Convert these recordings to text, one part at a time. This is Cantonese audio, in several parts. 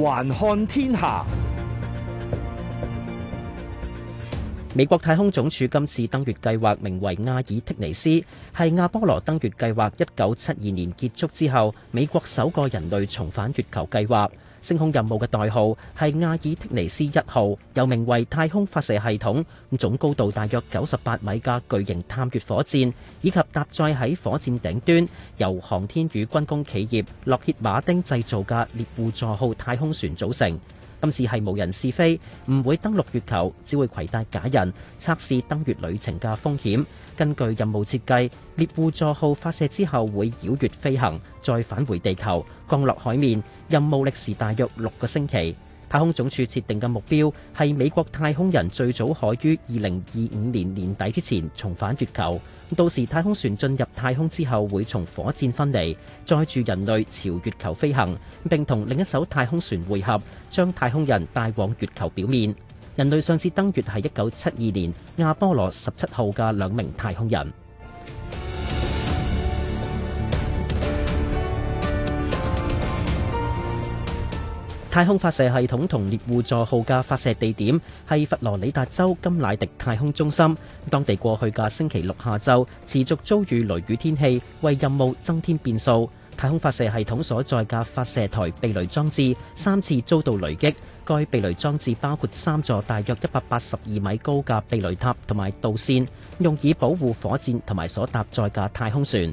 環看天下。美國太空總署今次登月計劃名為阿爾忒尼斯，係阿波羅登月計劃一九七二年結束之後，美國首個人類重返月球計劃。升空任務嘅代號係亞爾忒尼斯一號，又名為太空發射系統，咁總高度大約九十八米嘅巨型探月火箭，以及搭載喺火箭頂端由航天與軍工企業洛歇馬丁製造嘅獵戶座號太空船組成。今次係無人試飛，唔會登陸月球，只會攜帶假人測試登月旅程嘅風險。根據任務設計，獵戶座號發射之後會繞月飛行，再返回地球，降落海面。任務歷時大約六個星期。太空總署設定嘅目標係美國太空人最早可於二零二五年年底之前重返月球。到時太空船進入太空之後會從火箭分離，載住人類朝月球飛行，並同另一艘太空船會合，將太空人帶往月球表面。人類上次登月係一九七二年阿波羅十七號嘅兩名太空人。太空發射系統同獵戶座號嘅發射地點係佛羅里達州甘迺迪太空中心。當地過去嘅星期六下晝持續遭遇雷雨天氣，為任務增添變數。太空發射系統所在嘅發射台避雷裝置三次遭到雷擊。該避雷裝置包括三座大約一百八十二米高嘅避雷塔同埋導線，用以保護火箭同埋所搭載嘅太空船。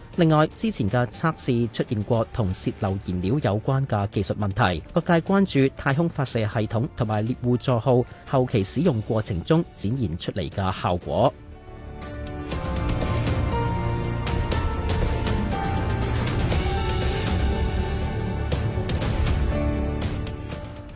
另外，之前嘅測試出現過同洩漏燃料有關嘅技術問題，各界關注太空發射系統同埋獵戶座號後期使用過程中展現出嚟嘅效果。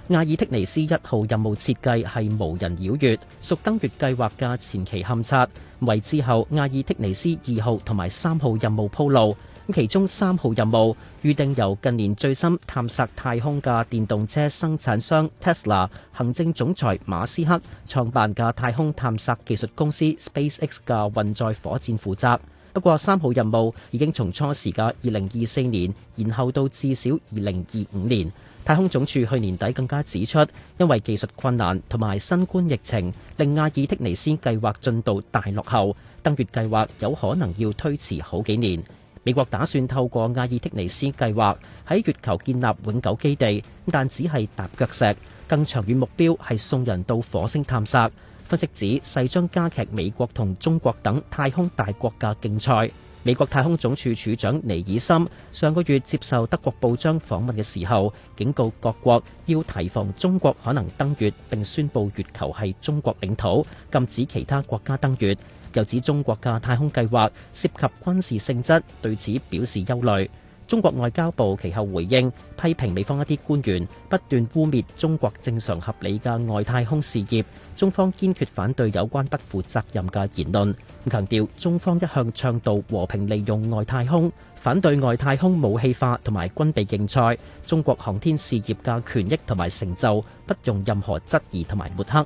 阿爾忒尼斯一號任務設計係無人繞月，屬登月計劃嘅前期勘察，為之後阿爾忒彌斯二號同埋三號任務鋪路。其中三號任務預定由近年最新探索太空嘅電動車生產商 Tesla、行政總裁馬斯克創辦嘅太空探索技術公司 SpaceX 嘅運載火箭負責。不過三號任務已經從初時嘅二零二四年，延後到至少二零二五年。太空總署去年底更加指出，因為技術困難同埋新冠疫情，令阿爾忒尼斯計劃進度大落後，登月計劃有可能要推遲好幾年。美國打算透過阿爾忒尼斯計劃喺月球建立永久基地，但只係踏腳石，更長遠目標係送人到火星探索。分析指，勢將加劇美國同中國等太空大國嘅競賽。美國太空總署署長尼爾森上個月接受德國報章訪問嘅時候，警告各國要提防中國可能登月，並宣布月球係中國領土，禁止其他國家登月。又指中國嘅太空計劃涉及軍事性質，對此表示憂慮。中國外交部其後回應，批評美方一啲官員，不斷污衊中國正常合理嘅外太空事業。中方堅決反對有關不負責任嘅言論。強調，中方一向倡導和平利用外太空。反對外太空武器化同埋軍備競賽，中國航天事業嘅權益同埋成就不容任何質疑同埋抹黑。